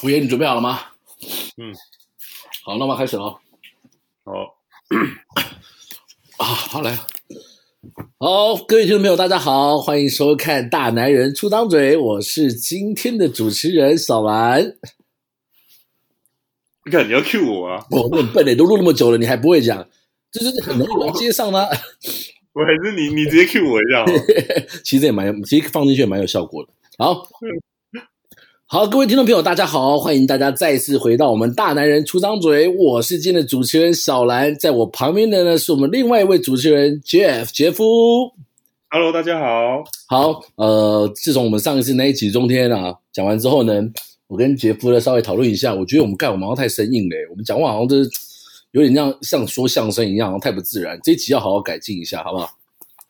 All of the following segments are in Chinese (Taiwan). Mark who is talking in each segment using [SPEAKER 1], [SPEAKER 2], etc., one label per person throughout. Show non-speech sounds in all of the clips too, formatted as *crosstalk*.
[SPEAKER 1] 五爺，你準備好了嗎？嗯，好，那我開始嘍。好， *coughs* 啊，好嘞，好，各位聽眾朋友，大家好，歡迎收看《大男人出張嘴》，我是今天的主持人小藍。你看，你要 Q 我啊？我、哦，你笨的， *laughs* 都錄那麼久了，你還不會講，就是很容易能接上嗎？ *laughs* 我還是你，你直接 Q 我一下， *laughs* 其實也蠻，其實放進去也蠻有效果的。好。好，各位聽眾朋友，大家好，歡迎大家再次回到我們大男人出張嘴。我是今天的主持人小蘭，在我旁邊的呢是我們另外一位主持人杰夫。杰夫，Hello，大家好。好，呃，自從我們上一次那一集中天啊講完之後呢，我跟杰夫呢稍微討論一下，我覺得我們干我們好像太生硬嘞，我們講話好像都、就是，有點像像說相聲一樣，太不自然。這一集要好好改進一下，好不好？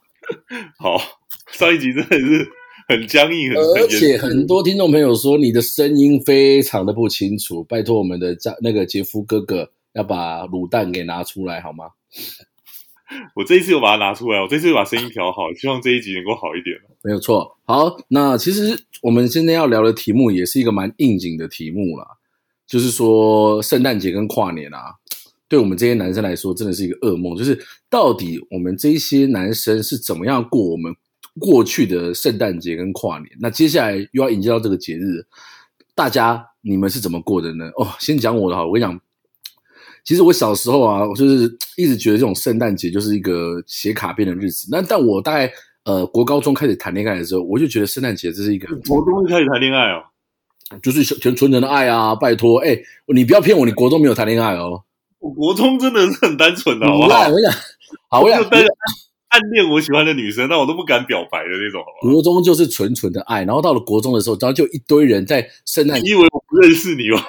[SPEAKER 2] *laughs* 好，上一集真的是。 *laughs* 很僵硬，而且很
[SPEAKER 1] 多聽眾朋友說你的聲音非常的不清楚，嗯、拜託我們的家那個傑夫哥哥要把滷蛋給拿出來好嗎？
[SPEAKER 2] 我這一次又把它拿出來，我這次又把聲音調好， *coughs* 希望這一集能夠好一點。
[SPEAKER 1] 沒有錯，好，那其實我們現在要聊的題目也是一個蠻應景的題目啦，就是說聖誕節跟跨年啊，對我們這些男生來說真的是一個噩夢，就是到底我們這些男生是怎麼樣過我們。過去的聖誕節跟跨年，那接下來又要迎接到這個節日，大家你們是怎麼過的呢？哦，先講我的哈，我跟你講，其實我小時候啊，我就是一直覺得這種聖誕節就是一個寫卡片的日子。那但我大概呃國高中開始談戀愛的時候，我就覺得聖誕節這是一個很國中開始談戀愛哦，就是全純純的愛啊，拜託，哎、欸，你不要騙我，你國中沒有談戀愛哦，
[SPEAKER 2] 我國中真的是很單純的好不好、嗯，我跟你
[SPEAKER 1] 講，好，我跟
[SPEAKER 2] 暗戀我喜歡的女生，但我都不敢表白的那
[SPEAKER 1] 種。國中就是純純的愛，然後到了國中的時候，然後就一堆人在聖誕節。你以為我不認識你嗎？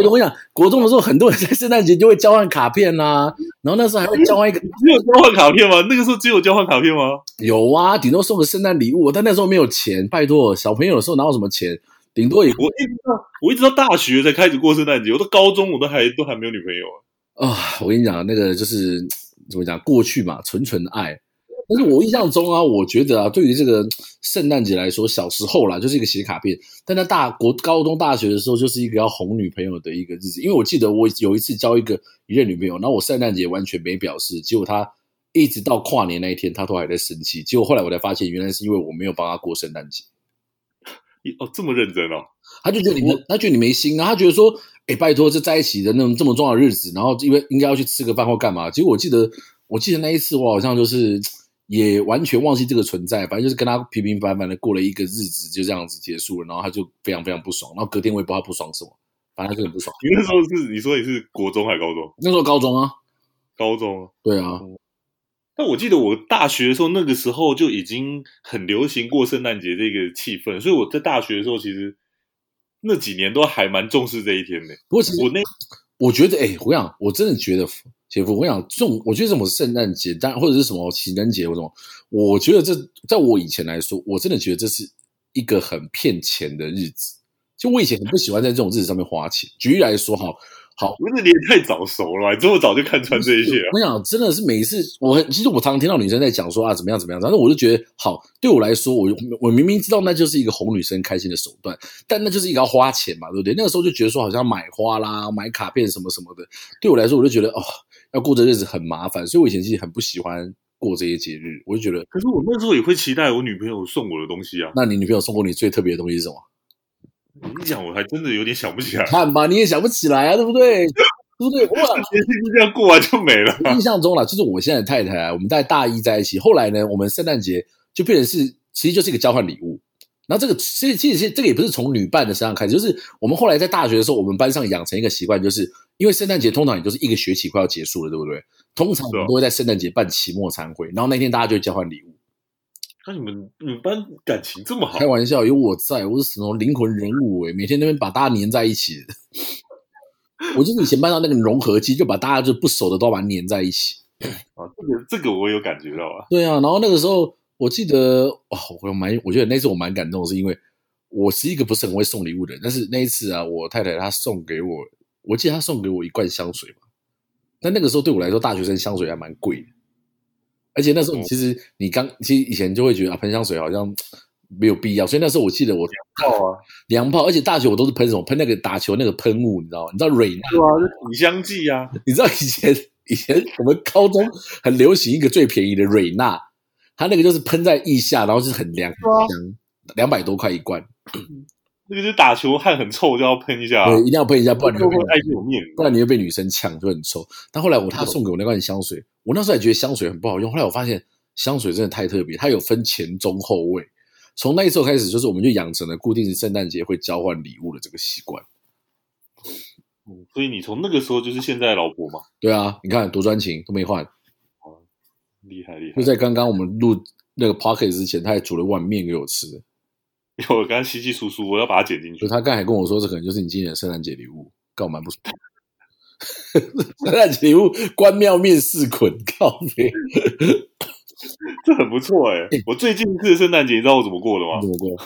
[SPEAKER 1] *laughs* 我跟你講，國中的時候很多人在聖誕節就會交換卡片吶、啊，然後那時候還會交換一個。只有交換卡片嗎？那個時候只有交換卡片嗎？有啊，頂多送個聖誕禮物，但那時候沒有錢。拜託，小朋友的時候哪有什麼錢？頂多也，我一直到我一直到大學才開始過聖誕節，我都高中我都還都還沒有女朋
[SPEAKER 2] 友
[SPEAKER 1] 啊。啊，我跟你講，那個就是怎麼講？過去嘛，純純的愛。但是，我印象中啊，我覺得啊，對於這個聖誕節來說，小時候啦，就是一個寫卡片。但在大國高中、大學的時候，就是一個要哄女朋友的一個日子。因為我記得我有一次交一個一任女朋友，然後我聖誕節完全沒表示，結果她一直到跨年那一天，她都還在生氣。結果後來我才發現，原來是因為我沒有幫她過聖誕節。哦，這麼認真哦？他就覺得你，他覺得你沒心啊？然後他覺得說，哎，拜托，這在一起的，那種這麼重要的日子，然後因為應該要去吃個飯或幹嘛？結果我記得，我記得那一次我好像就是。也完全忘記這個存在，反正就是跟他平平凡凡的過了一個日子，就這樣子結束了。然後他就非常非常不爽，然後隔天我也不知道他不爽什麼，反正他就很不爽。你那時候
[SPEAKER 2] 是，你說你是國中還是高中？
[SPEAKER 1] 那時候高中啊，
[SPEAKER 2] 高中啊。對啊。嗯，但我記得我大學的時候，那個時候就已經很流行過聖誕節這個氣氛，所以我在大學的時候其實那幾年都還蠻重視這一天的。
[SPEAKER 1] 為什麼？我那我覺得哎，胡、欸、楊，我真的覺得。姐夫，我想這種，我覺得這種聖誕節，但或者是什麼情人節，或者什麼，我覺得這在我以前來說，我真的覺得這是一個很騙錢的日子。就我以前很不喜歡在這種日子上面花錢。舉例來說，好，好，不是你也太早熟了，你這麼早就看穿這一切。我想，真的是每一次，我很其實我常常聽到女生在講說啊，怎麼樣怎麼樣，反正我就覺得好，對我來說，我我明明知道那就是一個哄女生開心的手段，但那就是一個要花錢嘛，對不對？那個時候就覺得說好像買花啦，買卡片什麼什麼的，對我來說，我就覺得哦。要過這日子很麻煩，所以我以前其實很不喜歡過這些節日，我就覺得。可是
[SPEAKER 2] 我那時候也會期待我女朋友送我的東西啊。
[SPEAKER 1] 那你女朋友送過你最特別的東西是什麼？你
[SPEAKER 2] 講我還真的有點想不起來。看
[SPEAKER 1] 吧，你也想不起來啊，對不對？ *laughs* 對不對？ *laughs* 是這樣，過完就沒了。印象中啦，就是我現在的太太啊，我們在大、大一在一起，後來呢，我們聖誕節就變成是，其實就是一個交換禮物。然後這個其其實其實這個也不是從女伴的身上開始，就是我們後來在大學的時候，我們班上養成一個習慣，就是。因為聖誕節通常也就是一個學期快要結束了，對不對？通常我們都會在聖誕節辦期末餐會，哦、然後那天大家就會交換禮物。那、啊、你們你們班感情這麼好？開玩笑，有我在，我是什麼靈魂人物哎！每天都會把大家黏在一起。 *laughs* 我就以前辦到那個融合劑，就把大家就不熟的都要把它黏在一起。啊、
[SPEAKER 2] 這個這個我有感覺到
[SPEAKER 1] 啊。對啊，然後那個時候我記得哇、哦，我蠻我覺得那次我蠻感動，是因為我是一個不是很會送禮物的人，但是那一次啊，我太太她送給我。我記得他送給我一罐香水嘛，但那個時候對我來說，大學生香水還蠻貴的。而且那時候，其實你剛其實以前就會覺得啊，噴香水好像沒有必要。所以那時候我記得我涼泡啊，涼泡。而且大學我都是噴什麼？噴那個打球那個噴霧，你知道嗎？你知道瑞娜，對啊，是體香劑啊。你知道以前以前我們高中很流行一個最便宜的瑞娜，它那個就是噴在腋下，然後是很涼很涼，兩百多塊一罐。那
[SPEAKER 2] 個是打球汗很臭，就要噴一下。啊，對，一定要噴一下，不然你會，被會，不會
[SPEAKER 1] 愛，不然你會被女生搶，就很臭。但後來我他，他送給我那罐香水，哦、我那時候還覺得香水很不好用，後來我發現香水真的太特別，它有分前中後味。從那一時候開始，就是我們就養成了固定聖誕節會交換禮物的這個習慣。
[SPEAKER 2] 嗯、所以你從那個時候就是現在的老婆嗎？
[SPEAKER 1] 對啊，你看多專情，都沒換，厲害、哦、厲
[SPEAKER 2] 害。厲害就在
[SPEAKER 1] 剛剛我們錄那個 podcast 之前，他還煮了碗麵給我吃。
[SPEAKER 2] 因為我剛剛稀稀疏疏，我要把它剪
[SPEAKER 1] 進去。他剛才跟我說，這可能就是你今年的聖誕節禮物，搞蠻不錯。 *laughs* *laughs* 聖誕節禮物關廟麵試捆，滾掉！這很不
[SPEAKER 2] 錯哎、欸。欸、我最近一次的聖誕節，你知道我怎麼過的嗎？怎麼過？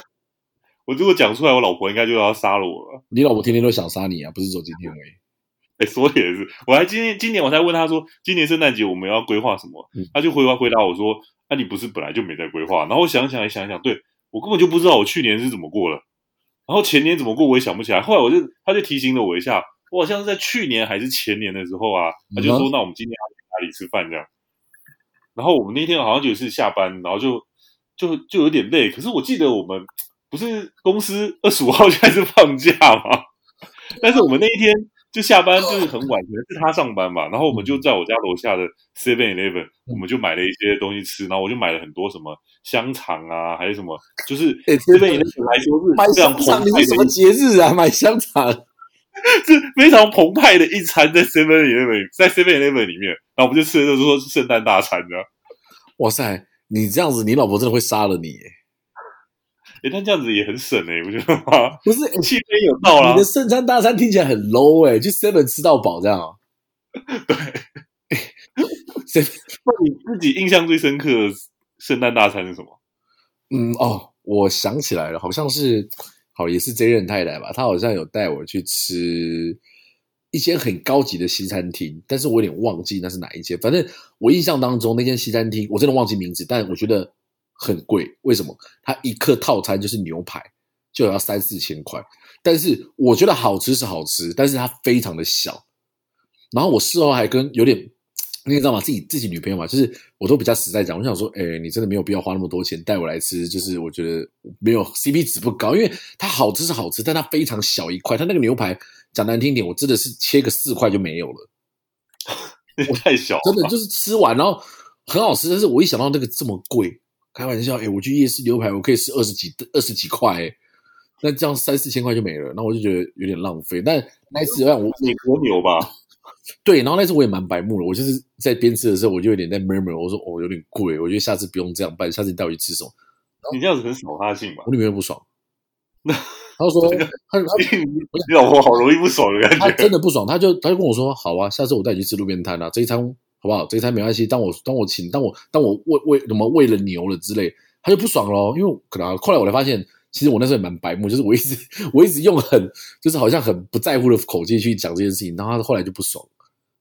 [SPEAKER 2] 我如果講出來，我老婆應該就要殺了我了。
[SPEAKER 1] 你老婆天天都想殺你啊？不是走，走今天而已。
[SPEAKER 2] 所說起也是，我還今今年我才問他說，今年聖誕節我們要規劃什麼？嗯、他就回回答我說：“啊，你不是本來就沒在規劃。”然後我想想，想一想，對。我根本就不知道我去年是怎麼過了，然後前年怎麼過我也想不起來。後來我就，他就提醒了我一下，我好像是在去年還是前年的時候啊，他就說：“ mm hmm. 那我們今天還要去哪裡吃飯這樣。”然後我們那天好像就是下班，然後就就就有點累。可是我記得我們不是公司二十五號就開始放假嗎？但是我們那一天。就下班就是很晚，可能 *laughs* 是他上班吧。然後我們就在我家樓下的 Seven Eleven，、嗯、我們就買了一些東西吃。然後我就買了很多什麼香腸啊，還有什麼，就是 Seven Eleven 來說是買香腸，澎湃你們什麼節
[SPEAKER 1] 日啊？買香腸
[SPEAKER 2] *laughs* 是非常澎湃的一餐在，11, 在 Seven Eleven，在 Seven Eleven 裡面，然後我們就吃的都是說聖誕大餐這樣。
[SPEAKER 1] 哇塞，你這樣子，你老婆真的會殺了你耶。
[SPEAKER 2] 誒、欸、但這樣子也很省，誒、欸、不覺得嗎？不是，氣氛有心、欸、有道了，你的
[SPEAKER 1] 聖誕大餐聽起來很 low 誒、欸、就 seven 吃到飽這樣。對。所以，那你自己印象最深刻的
[SPEAKER 2] 聖誕大餐是什麼？嗯
[SPEAKER 1] 哦，我想起來了，好像是好也是 Jen 太太吧，她好像有帶我去吃一間很高級的西餐廳，但是我有點忘記那是哪一間。反正我印象當中那間西餐廳，我真的忘記名字，但我覺得。很貴，為什麼？它一客套餐就是牛排，就要三四千塊。但是我覺得好吃是好吃，但是它非常的小。然後我事後還跟有點，你知道嗎？自己自己女朋友嘛，就是我都比較實在講，我想說，哎、欸，你真的沒有必要花那麼多錢帶我來吃。就是我覺得沒有 CP 值不高，因為它好吃是好吃，但它非常小一塊。它那個牛排講難聽點，我真的是切個四塊就沒有
[SPEAKER 2] 了， *laughs* 我太
[SPEAKER 1] 小，真的就是吃完然後很好吃，但是我一想到那個這麼貴。開玩笑誒，我去夜市牛排，我可以吃二十幾、二十幾塊誒，哎，那這樣三四千塊就沒了，那我就覺得有點浪費。但那一次我想我牛吧我，對，然後那次我也蠻白目了，我就是在邊吃的時候，我就有點在 murmur，我說哦，有點貴，我覺得下次不用這樣辦，下次你帶我去吃什麼？你這樣子很掃他興吧？我女朋友不爽，那他說他你老婆好容易不爽的感覺，他真的不爽，他就他就跟我說，好啊，下次我帶你去吃路邊攤啊，這一餐。好不好？這個餐沒關係。當我當我請，當我當我喂喂怎麼喂了牛了之類，他就不爽咯。因為可能後來我才發現，其實我那時候也蠻白目，就是我一直我一直用很就是好像很不在乎的口氣去講這件事情，然後他後來就不爽，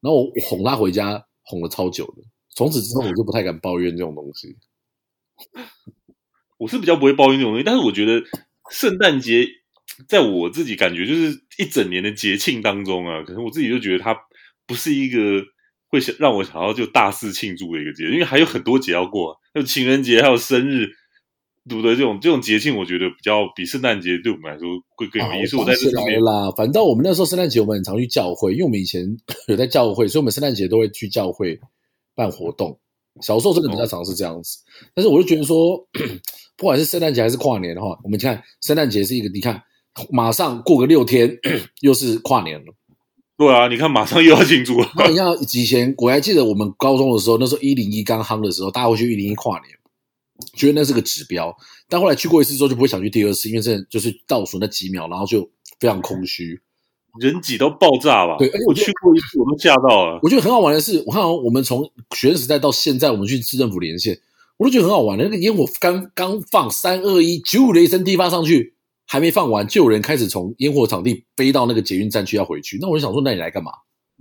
[SPEAKER 1] 然後我哄他回家，哄了超久的。從此之後，我就不太敢抱怨這種東西。
[SPEAKER 2] 我是比較不會抱怨這種東西，但是我覺得聖誕節，在我自己感覺就是一整年的節慶當中啊，可能我自己就覺得它不是一個。會想讓我想要就大肆慶祝的一個節，因為還有很多節要過，有情人節，還有生日，對不對？這種這種節慶，我覺得比較比聖誕節對我們來說會更、啊、我在、就是啊、是來啦，
[SPEAKER 1] 反正我們那時候聖誕節我們很常去教會，因為我們以前有在教會，所以我們聖誕節都會去教會辦活動。小時候真的比較常是這樣子，嗯、但是我就覺得說，不管是聖誕節還是跨年的話，我們看聖誕節是一個，你看馬上過個六天又是跨年了。
[SPEAKER 2] 對啊，你看，馬上又要進駐了。那
[SPEAKER 1] 你看，以前我還記得我們高中的時候，那時候一零一剛夯的時候，大家會去一零一跨年，覺得那是個指標。但後來去過一次之後，就不會想去第二次，因為這就是倒數那幾秒，然後就非常空虛，
[SPEAKER 2] 人擠都爆炸了。對，而且我，我去
[SPEAKER 1] 過一次，我都嚇到了。我覺得很好玩的是，我看我們從學生時代到現在，我們去市政府連線，我都覺得很好玩。那個煙火剛剛放，三二一，的一聲滴發上去。還沒放完，就有人開始從煙火場地飛到那個捷運站去要回去。那我就想說，那你來幹嘛？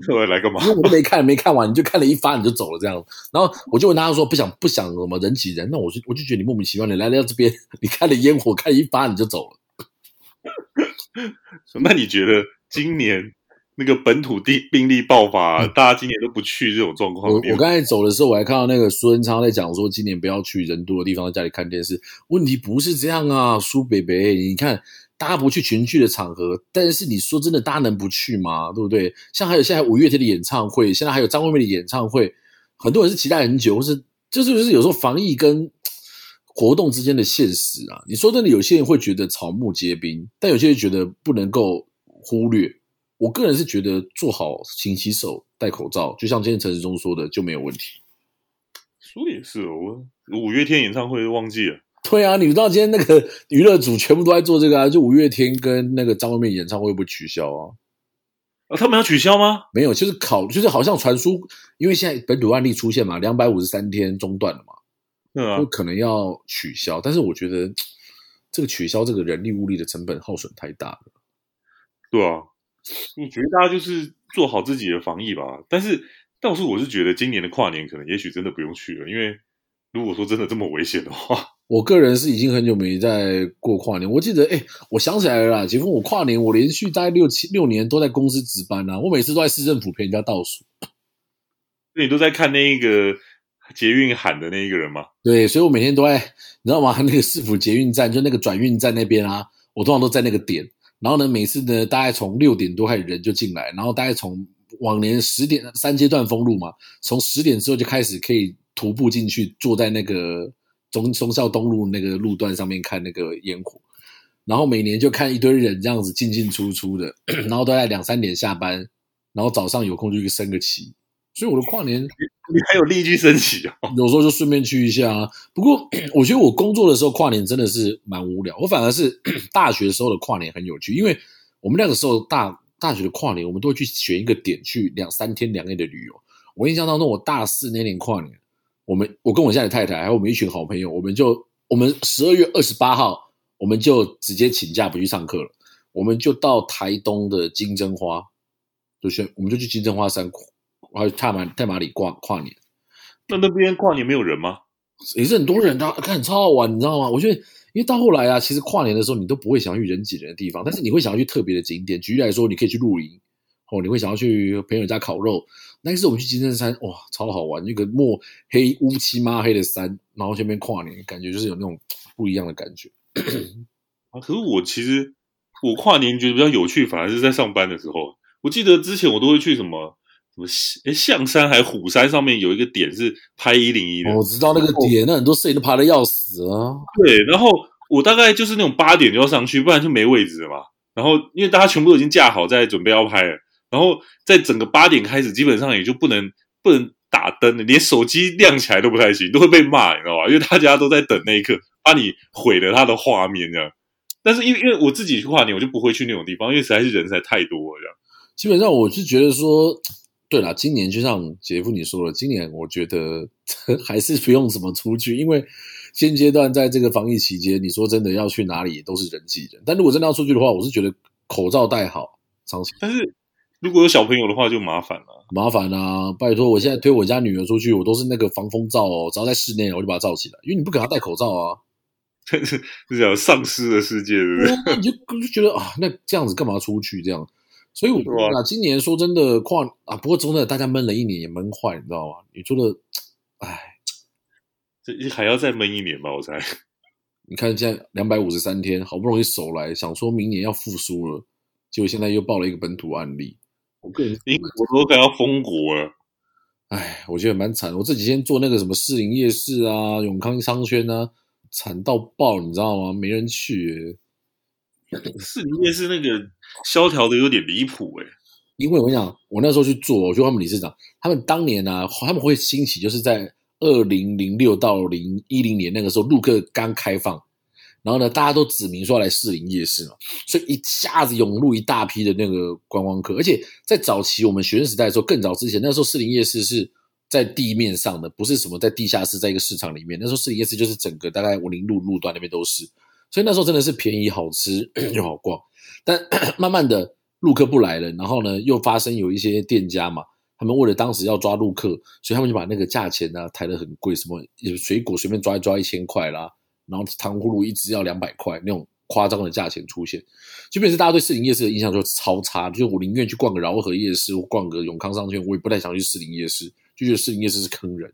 [SPEAKER 2] 我來幹嘛？因為我
[SPEAKER 1] 沒看，沒看完，你就看了一發，你就走了這樣。然後我就問他說：“不想不想什麼人擠人？”那我就我就覺得你莫名其妙，你來到這邊，你看了煙火看一發你就走
[SPEAKER 2] 了。 *laughs* 那你覺得今年？那個本土地病病例爆發，啊，嗯、大家今年都不去這種狀況。我剛
[SPEAKER 1] 才走的時候，我還看到那個蘇貞昌在講說，今年不要去人多的地方，在家裡看電視。問題不是這樣啊，蘇北北，你看，大家不去群聚的場合，但是你說真的，大家能不去嗎？對不對？像還有現在五月天的演唱會，現在還有張惠妹的演唱會，很多人是期待很久，或是就是就是有時候防疫跟活動之間的現實啊。你說真的，有些人會覺得草木皆兵，但有些人覺得不能夠忽略。我個人是覺得做好勤洗，洗手、戴口罩，就像今天陳時中說的，就沒有問題。
[SPEAKER 2] 說的也是哦。我五月
[SPEAKER 1] 天演唱會都忘記了？對啊，你知道今天那個娛樂組全部都在做這個啊？就五月天跟那個張惠妹演唱會不會不取消啊？啊，他們要取消嗎？沒有，就是考，就是好像傳輸，因為現在本土案例出現嘛，兩百五十三天中斷了嘛，不、嗯啊、可能要取消。但是我覺得這個取消這個人力物力的成本耗損太大
[SPEAKER 2] 了。對啊。我覺得大家就是做好自己的防疫吧。但是倒是我是覺得今年的跨年可能也許真的不用去了，因為如果說真的這麼危險
[SPEAKER 1] 的話，我個人是已經很久沒在過跨年。我記得，哎、欸，我想起來了啦，傑夫，我跨年我連續待六七六年都在公司值班啊，我每次都在市政府陪人家倒數。
[SPEAKER 2] 那你都在看那一個捷運喊的那一個人嗎？
[SPEAKER 1] 對，所以我每天都在，你知道嗎？那個市府捷運站，就那個轉運站那邊啊，我通常都在那個點。然後呢，每次呢，大概從六點多開始人就進來，然後大概從往年十點三階段封路嘛，從十點之後就開始可以徒步進去，坐在那個忠忠孝東路那個路段上面看那個煙火，然後每年就看一堆人這樣子進進出出的， *coughs* 然後大概兩三點下班，然後早上有空就去升個旗。所以我的跨年，你還有力氣，升旗哦？有時候就順便去一下啊。不過我覺得我工作的時候跨年真的是蠻無聊。我反而是大學的時候的跨年很有趣，因為我們那個時候大大學的跨年，我們都會去選一個點去兩三天兩夜的旅遊。我印象當中，我大四那年跨年，我們，我跟我現在的太太還有我們一群好朋友，我們就我們十二月二十八號，我們就直接請假不去上課了，我們就到台東的金針花，就選我們就去金針花山谷。然後踏馬踏馬裡跨跨年，那那邊跨年沒有人嗎？也是很多人，他看超好玩，你知道嗎？我覺得，因為到後來啊，其實跨年的時候你都不會想去人擠人的地方，但是你會想要去特別的景點。舉例來說，你可以去露營，哦，你會想要去朋友家烤肉。那一次我們去金針山，哇，超好玩！那個墨黑烏漆嘛黑的山，然後前面跨年，感覺就是有那種不一樣的感覺。
[SPEAKER 2] 啊，可是我其實我跨年覺得比較有趣，反而是在上班的時候。我記得之前我都會去什麼。什麼？象山還虎山上面有一個點是拍一零一的，
[SPEAKER 1] 我、哦、知道那個點，然後，那很多攝影都爬得
[SPEAKER 2] 要死啊。對，然後我大概就是那種八點就要上去，不然就沒位置了嘛。然後因為大家全部都已經架好在準備要拍了，然後在整個八點開始，基本上也就不能不能打燈了，連手機亮起來都不太行，都會被罵，你知道吧？因為大家都在等那一刻，把你毀了他的畫面這樣。但是因為因為我自己去跨年，我就不會去那種地方，因為實在是人才太多了這樣。
[SPEAKER 1] 基本上我是覺得說。對了，今年就像傑夫你說了，今年我覺得還是不用怎麼出去，因為現階段在這個防疫期間，你說真的要去哪裡都是人擠人。但如果真的要出去的話，我是覺得口罩戴好，但是
[SPEAKER 2] 如果有小朋友的話就麻煩了、
[SPEAKER 1] 啊，麻煩啊！拜託，我現在推我家女兒出去，我都是那個防風罩哦，只要在室內我就把它罩起來，因為你不給她戴口罩啊，就 *laughs*
[SPEAKER 2] 是就像喪屍的世界對不
[SPEAKER 1] 對 *laughs* 你就，就覺得啊，那這樣子幹嘛出去這樣？所以我覺得啊，今年說真的跨，啊，不過真的大家悶了一年也悶壞，你知道嗎？你做的，唉，
[SPEAKER 2] 這還要再悶一年
[SPEAKER 1] 吧？我猜。你看現在兩百五十三天，好不容易守來，想說明年要復甦了，結果現在又爆了一個本土案例。嗯、我個人，我說感到要封國了。唉，我覺得蠻慘。我這幾天做那個什麼士林夜市啊、永康商圈啊，慘到爆，你知道嗎？沒人去。
[SPEAKER 2] 四林夜市那個蕭條的有點離譜哎，
[SPEAKER 1] 因為我跟你講，我那時候去做，我去問他們理事長，他們當年呢、啊，他們會興起，就是在二零零六到零一零年那個時候，陸客剛開放，然後呢，大家都指名說要來士林夜市嘛，所以一下子湧入一大批的那個觀光客，而且在早期我們學生時代的時候，更早之前，那時候士林夜市是在地面上的，不是什麼在地下室，在一個市場裡面，那時候士林夜市就是整個大概文林路路段那邊都是。所以那時候真的是便宜、好吃又 *coughs* 好逛，但，但 *coughs* 慢慢的陸客不來了，然後呢又發生有一些店家嘛，他們為了當時要抓陸客，所以他們就把那個價錢呢、啊、抬得很貴，什麼水果隨便抓一抓一千塊啦，然後糖葫蘆一直要兩百塊，那種誇張的價錢出現。即便是大家對士林夜市的印象就超差，就我寧願去逛個饒河夜市，逛個永康商圈，我也不太想去士林夜市，就覺得士林夜市是坑人，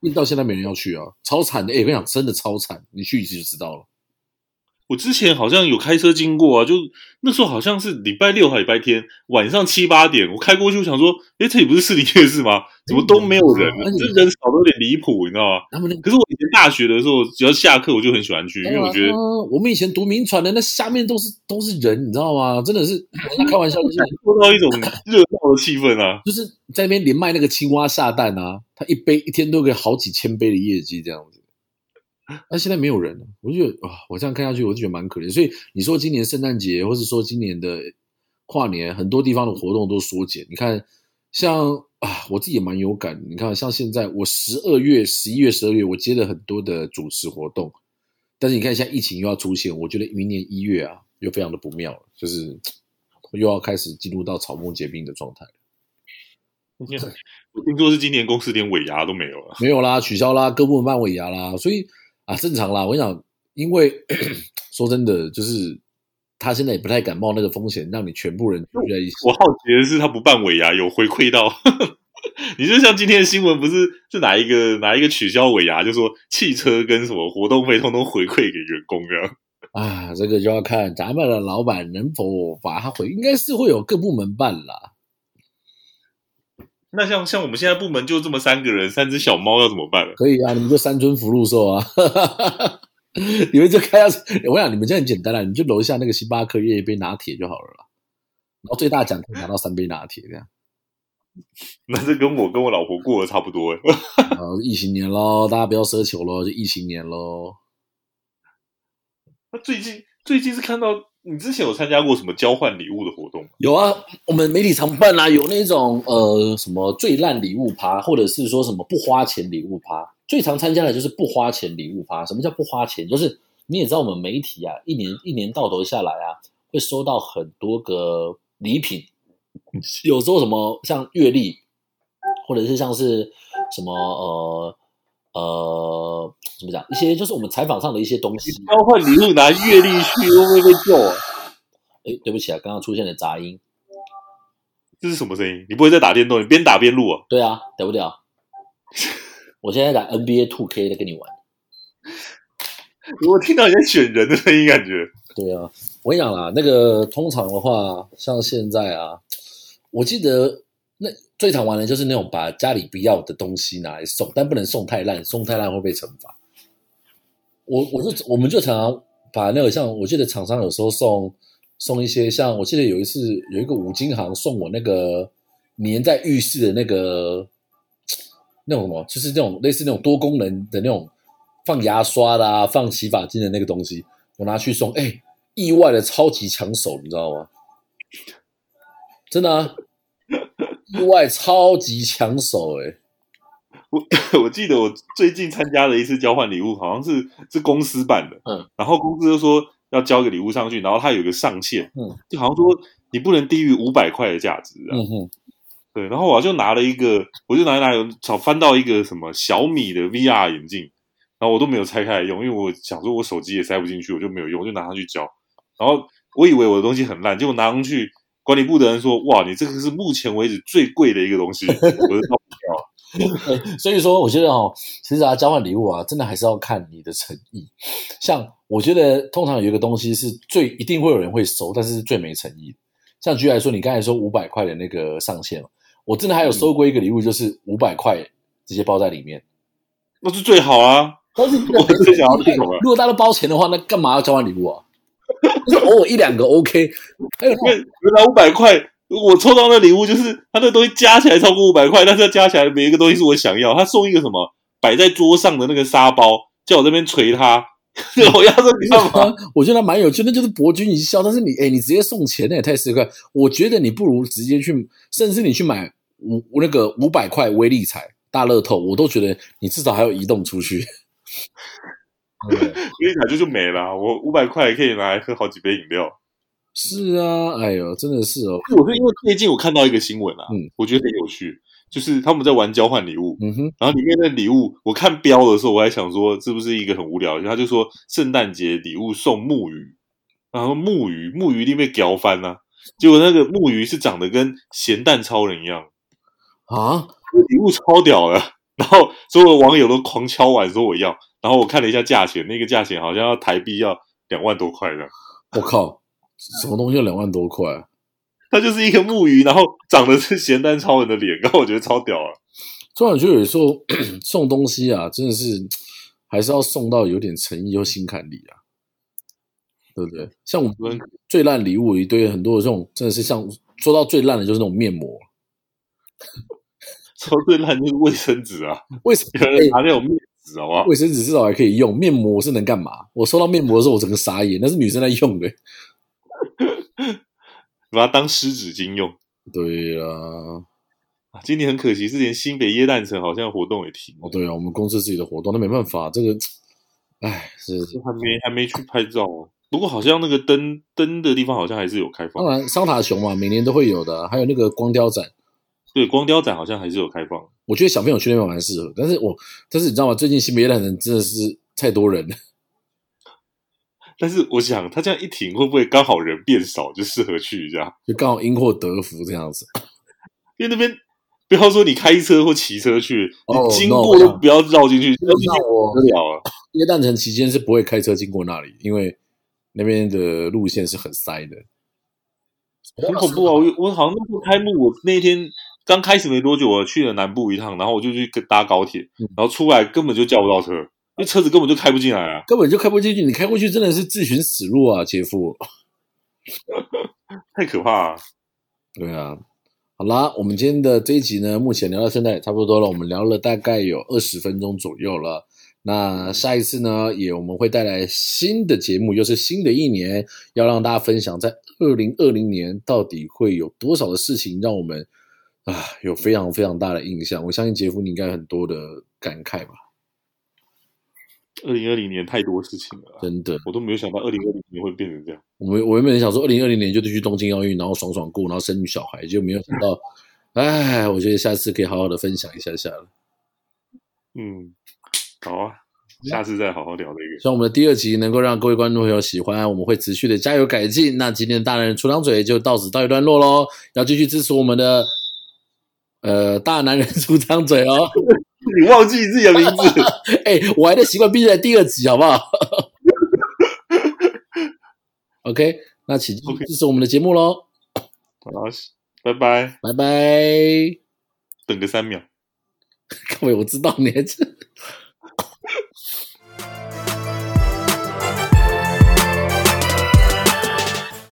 [SPEAKER 1] 因為到現在沒人要去啊，超慘的。哎，我想真的超慘，你去一次就知道了。
[SPEAKER 2] 我之前好像有開車經過啊，就那時候好像是禮拜六還禮拜天晚上七八點，我開過去，我想說，哎、欸，這裡不是士林夜市嗎？怎麼都沒有人，這、啊、人少的有點離譜，你知道嗎？他們那可是我以前大學的時候，只要下課我就很喜歡去，因為我覺得、
[SPEAKER 1] 啊啊、我們以前讀銘傳的，那下面都是都是人，你知道嗎？真的是 *laughs* 開玩笑就，就是做到一種熱鬧的氣氛啊， *laughs* 就是在那邊連賣那個青蛙下蛋啊，他一杯一天都可以好幾千杯的業績這樣子。那現在沒有人，我就覺得啊，我這樣看下去，我就覺得蠻可憐。所以你說今年聖誕節，或者說今年的跨年，很多地方的活動都縮減。你看，像啊，我自己也蠻有感。你看，像現在我十二月、十一月、十二月，我接了很多的主持活動，但是你看現在疫情又要出現，我覺得明年一月啊，又非常的不妙了，就是又要開始進入到草木皆兵的狀態。Yeah,
[SPEAKER 2] 我聽說是今年公司連尾牙都沒有
[SPEAKER 1] 了，沒有啦，取消啦，各部門辦尾牙啦，所以。啊，正常啦。我想，因為，咳咳，說真的，就是他現在也不太敢冒那個風險，讓你全部人聚在一
[SPEAKER 2] 起。我，我好奇的是，他不辦尾牙有回饋到呵呵？你就像今天的新聞，不是是哪一個哪一個取消尾牙，就說汽車跟什麼活動費通通回饋給員工啊。
[SPEAKER 1] 啊，這個就要看咱們的老闆能否把它回，應該是會有各部門辦了。
[SPEAKER 2] 那像、像我們現在部門就這麼三個人，三隻小貓要怎麼辦？
[SPEAKER 1] 可以啊，你們就三尊福祿壽啊！ *laughs* 你們就開下，我想你們這樣很簡單了，啊，你們就樓下那個星巴克要一杯拿鐵就好了啦。然後最大獎可以拿到三杯拿鐵這樣。 *laughs*
[SPEAKER 2] 那這跟我跟我老婆過的差不多哎。
[SPEAKER 1] *laughs* 好，疫情年咯，大家不要奢求咯，就疫情年咯。那最近
[SPEAKER 2] 最近是看到。你之前有參加過什麼交換禮物的活動嗎？
[SPEAKER 1] 有啊，我們媒體常辦啊。有那種呃什麼最爛禮物趴，或者是說什麼不花錢禮物趴。最常參加的就是不花錢禮物趴。什麼叫不花錢？就是你也知道，我們媒體啊，一年一年到頭下來啊，會收到很多個禮品， *laughs* 有時候什麼像月曆，或者是像是什麼呃。呃，怎麼講？一些就是我們採訪上的一些東西。交換禮物拿月曆去， *laughs* 會不會被譙啊？哎，對不起啊，剛剛出現的雜音，這是什麼聲音？你不會再打電動？你邊打邊錄啊？對啊，對不對啊？ *laughs* 我現在打 NBA Two K 在跟你玩。 *laughs* 我聽到你在選人的聲音，感覺。對啊，我跟你講啦，那個通常的話，像現在啊，我記得。那最常玩的就是那種把家裡不要的東西拿來送，但不能送太爛，送太爛會被懲罰。我我就我們就常常把那個像我記得廠商有時候送送一些，像我記得有一次有一個五金行送我那個粘在浴室的那個那種什麼，就是那種類似那種多功能的那種放牙刷啦、啊、放洗髮精的那個東西，我拿去送，哎、欸，意外的超級搶手，你知道嗎？真的啊。意外超級
[SPEAKER 2] 搶手誒、欸。我我記得我最近參加了一次交換禮物，好像是是公司辦的，嗯，然後公司就說要交個禮物上去，然後它有個上限，嗯，就好像說你不能低於五百塊的價值，啊，嗯哼，對，然後我就拿了一個，我就拿拿找翻到一個什麼小米的 VR 眼鏡，然後我都沒有拆開來用，因為我想說我手機也塞不進去，我就沒有用，我就拿上去交，然後我以為我的東西很爛，結果拿上去。管理部的人說：“哇，你這個是目前為止最貴的一個東西， *laughs* 我
[SPEAKER 1] 是受不了。所以說，我覺得哦、喔，其實啊，交換禮物啊，真的還是要看你的誠意。像我覺得，通常有一個東西是最一定會有人會收，但是是最沒誠意的。像舉例來說，你剛才說五百塊的那個上限，我真的還有收過一個禮物，嗯、就是五百塊直接包在裡面，那是最好啊。但是，我是最想要、啊、如果大家都包錢的話，那幹嘛要交換禮物啊？ *laughs* 就偶爾一兩個 OK，他因為原來五百塊，我抽到的禮物就是它，他那東西加起來超過五百塊，但
[SPEAKER 2] 是加起來每一個東西是我想要。他送一個什麼擺在桌上的那個沙包，叫我這邊捶它。
[SPEAKER 1] *laughs* *laughs* 我要說，你知道嗎？ *laughs* 我覺得他蠻有趣，那就是博君一笑。但是你哎、欸，你直接送錢也太十塊，我覺得你不如直接去，甚至你去買五那個五百塊威力彩大樂透，我都覺得你至少還要移動出去。 *laughs*
[SPEAKER 2] 所以感覺就沒了。我五百塊可以拿來喝好幾杯飲料。是啊，哎呦，真的是哦。我是因為最近我看到一個新聞啊，嗯、我覺得很有趣，就是他們在玩交換禮物。嗯、哼然後裡面的禮物，我看標的時候，我還想說是不是一個很無聊的。然後他就說聖誕節禮物送木魚，然後木魚木魚裡面屌翻啊，結果那個木魚是長得跟鹹蛋超人一樣啊，禮物超屌的。然後所有網友都狂敲碗說我要。然後我看了一下價錢，那個價錢好像要台幣要兩萬多塊的。
[SPEAKER 1] 我靠，什麼東西要兩萬多塊、啊？
[SPEAKER 2] 它就是一個木魚，然後長的是鹹蛋超人的臉，然後我覺得超屌
[SPEAKER 1] 了、啊。突然覺得有時候送東西啊，真的是還是要送到有點誠意又心坎裡啊，對不對？像我們最爛禮物一堆，很多的這種真的是像做到最爛的，就是那種面膜。
[SPEAKER 2] 到最爛就是衛生紙啊，為什麼有人有。
[SPEAKER 1] 衛生紙至少還可以用，面膜是能幹嘛？我收到面膜的時候，我整個傻眼，那是女生在用的，
[SPEAKER 2] *laughs* 把它當濕紙巾用。對啊，今年很可惜，是連新北耶誕城好像活動也停
[SPEAKER 1] 哦。對啊，我們公司自己的活動，那沒辦法，這個，哎，
[SPEAKER 2] 是，是還沒還沒去拍照，啊，不過好像那個燈燈的地方好像還是有
[SPEAKER 1] 開放。當然，桑塔熊嘛，每年都會有的，還有那個光雕展。
[SPEAKER 2] 對，光雕展好像還是有開
[SPEAKER 1] 放。我覺得小朋友去那邊蠻適合，但是我但是你知道嗎？最近新北耶誕城真的是太多人
[SPEAKER 2] 了。但是我想，他這樣一停，會不會剛好人變少，就適合去一下？
[SPEAKER 1] 就剛好因禍得福這樣子。因為那邊不要說你開
[SPEAKER 2] 車或騎車去，oh, 你經過都不要繞進去，那，oh, no, 我
[SPEAKER 1] 得了。耶誕城期間是不會開車經過那裡，因為那邊的路線是很塞的，
[SPEAKER 2] 很恐怖啊！我，哦，我好像那時開幕，我那一天。剛開始沒多久，我去了南部一趟，然後我就去搭高鐵，嗯，然後出來根本就叫不到車，因為車子根本就開不進來
[SPEAKER 1] 啊，根本就開不進去。你開過去真的是自尋死路啊，杰夫，太可怕了。對啊，好啦，我們今天的這一集呢，目前聊到現在也差不多了，我們聊了大概有二十分鐘左右了。那下一次呢，也我們會帶來新的節目，又是新的一年，要讓大家分享在二零二零年到底會有多少的事情讓我們。啊，有非常非常大的印象，我相信傑夫你應該很多的感慨吧。二零二
[SPEAKER 2] 零年太多事情了，真的，我都沒有想到二零二零年會變成這
[SPEAKER 1] 樣。我們我原本想說二零二零年就去東京奧運，然後爽爽過，然後生女小孩，就沒有想到，哎、嗯，我覺得下次可以好好的分享一下下了。嗯，好啊，
[SPEAKER 2] 下次再好好聊這
[SPEAKER 1] 個。希望我們的第二集能夠讓各位觀眾朋友喜歡，我們會持續的加油改進。那今天的大男人出張嘴就到此告一段落嘍，要繼續支持我們的。呃，大男人出張嘴哦、喔！ *laughs* 你忘記自己的名字，哎、 *laughs* 欸，我還在習慣必須在第二集，好不好 *laughs* ？OK，那請繼續支持 Okay. 我們的節目嘍！拜拜，拜拜 bye，等個三秒，各位，我知道你還在。